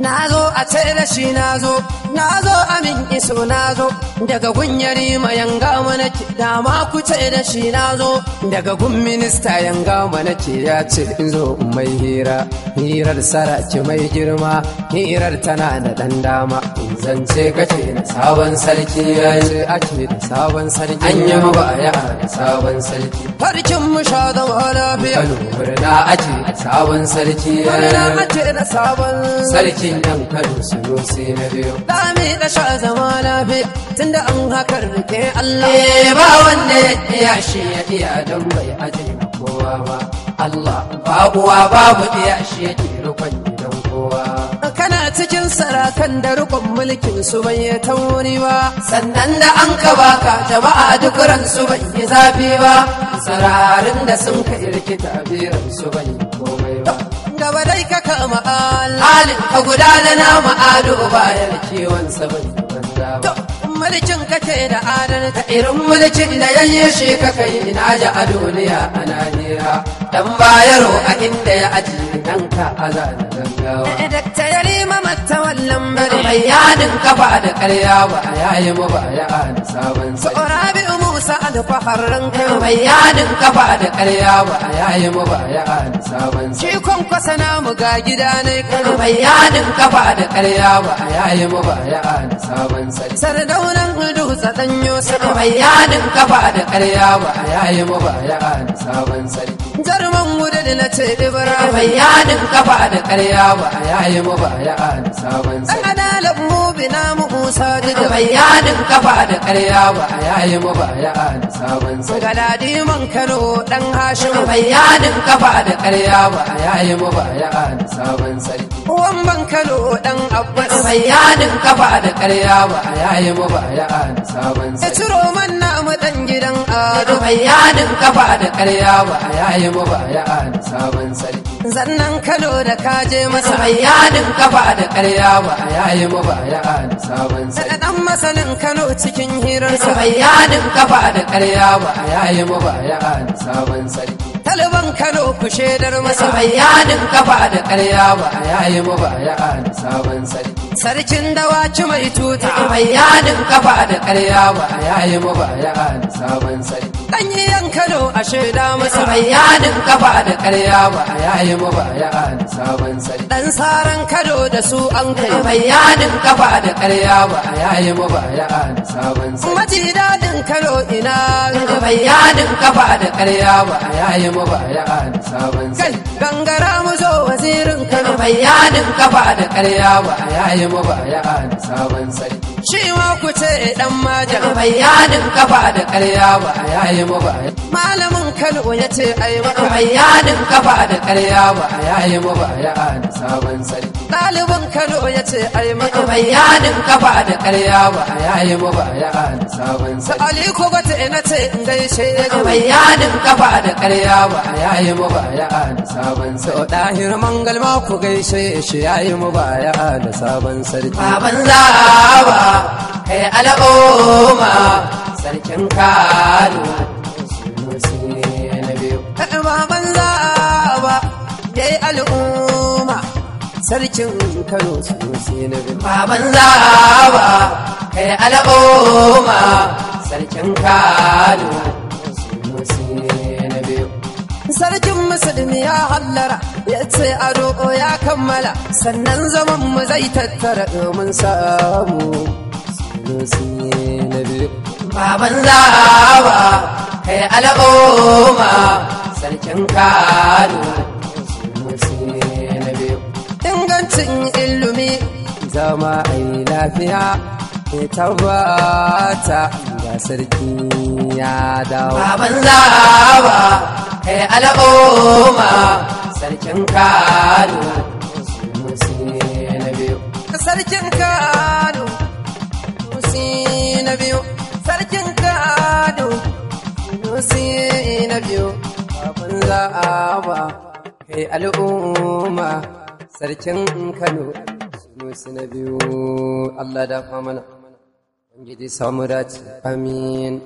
Nazo a tsere shi nazo. na zo amin iso na zo daga gunyari yarima yanga mana ke dama ku ce da shi na zo daga gun minista yanga mana ke ya ce in zo mai hira hirar saraki mai girma hirar tana da dan dama ka kace na sabon sarki ya ce ake da sabon sarki an yi ba ya da sabon sarki farkin mu sha da lafiya murna ake da sabon sarki ya ce da sabon sarkin yan kan su sai na biyu sami da sha zama lafiya tunda an hakar rike Allah eh, ba wanda ya shi ya iya don bai aje kowa ba Allah babuwa babu iya shi ya iya rukun gidan kowa kana cikin sarakan da rukun mulkin su bai yi tauri ba sannan da an ka baka jama'a duk ran su bai yi zafi ba sararin da sun kai rikita biran su bai komai gaba dai ka kama Allah ka gudana na ma'ado bayan kiwon sabon mulkin ce da adalci irin mulkin da yayye shi ka kai ina ji a duniya a Najeriya dan bayaro a inda ya aji dan ka aza da gangawa eh, dakta yarima matta wallan bari bayanin kafa da karya ba a yayi mu ba ya an sabon sai isa alfaharin kai mai yadin kafa da karya ba a yayi mu ba ya da sabon shi kon kwasa na mu ga gida ne kai mai yadin kafa da karya ba a yayi mu ba ya da sabon sai sardaunan hudu tsadan yusuf mai yadin kafa da karya ba a yayi mu ba ya da sabon sai jarman gudu da na ce ibra mai yadin kafa da karya ba a yayi mu ba ya da sabon sai ana mu bina mu da bayanin kafa da karya ba a yayi ya da sabon galadi kano dan hashim bayanin kafa da karya ba a yayi mu ba ya da sabon sarki kano dan abbas bayanin kafa da karya ba a yayi da sabon sarki ciro gidan ado bayanin kafa da karya ba a yayi da sabon sarki zannan kalo da kaje masa bayanin kafa da karya ba a yayi mu ba ya an sabon sai dan masanin Kano cikin hirar sa bayanin kafa da karya ba a yayi mu ba ya an sabon sarki Talban Kano ku shedar masa bayanin kafa da karya ba a yayi mu ba ya an sabon sarki sarkin dawaci mai tuta bayanin kafa da karya ba a yayi mu ba ya an sabon sarki Ɗan yi yan Kano a shaida masa bayyanin kafa da karya ba a yayi mu ba ya da sabon sai. Dan saran kado da su an kai bayyanin kafa da karya ba a yayi mu ba ya da sabon sai. Maji dadin Kano ina da bayyanin kafa da karya ba a yayi mu ba ya da sabon sai. Gangara mu zo wazirin Kano bayyanin kafa da karya ba a yayi mu ba ya da sabon sai. shi kuce ku ce dan maja bai yadin kafa da karya ba yayi mu ba malamin kano ya ce ai Mai bayyanin kafa da karya ba a yayi mu ba ya an sabon sarki ɗalibin kano ya ce ai Mai bayyanin kafa da karya ba a yayi mu ba ya an sabon sarki ali ko gata ina ce in gaishe ya ga bayyanin kafa da karya ba a yayi mu ba ya an sabon sarki dahir mangal ma ku gaishe shi yayi mu ba ya an sabon sarki baban za ba kai al'umma sarkin kano sarkin kano sosai na baban zaba kai al'umma sarkin kano sarkin musulmi ya hallara ya ce a roƙo ya kammala sannan zaman mu zai tattara domin samu baban zawa kai al'umma sarkin kano zama a yi lafiya ke tabbata ga sarki ya dawo. Baban zaba kai al'umma sarkin Kano na biyu. Sarkin Kano na biyu. Sarkin Kano na biyu. Baban zaba kai al'umma sarkin Kano Vishnu ಅಲ್ಲದ ಪಮನ ಸಂಗೀತಿ ಸಾಮ್ರಾಜ್ ಅಮೀನ್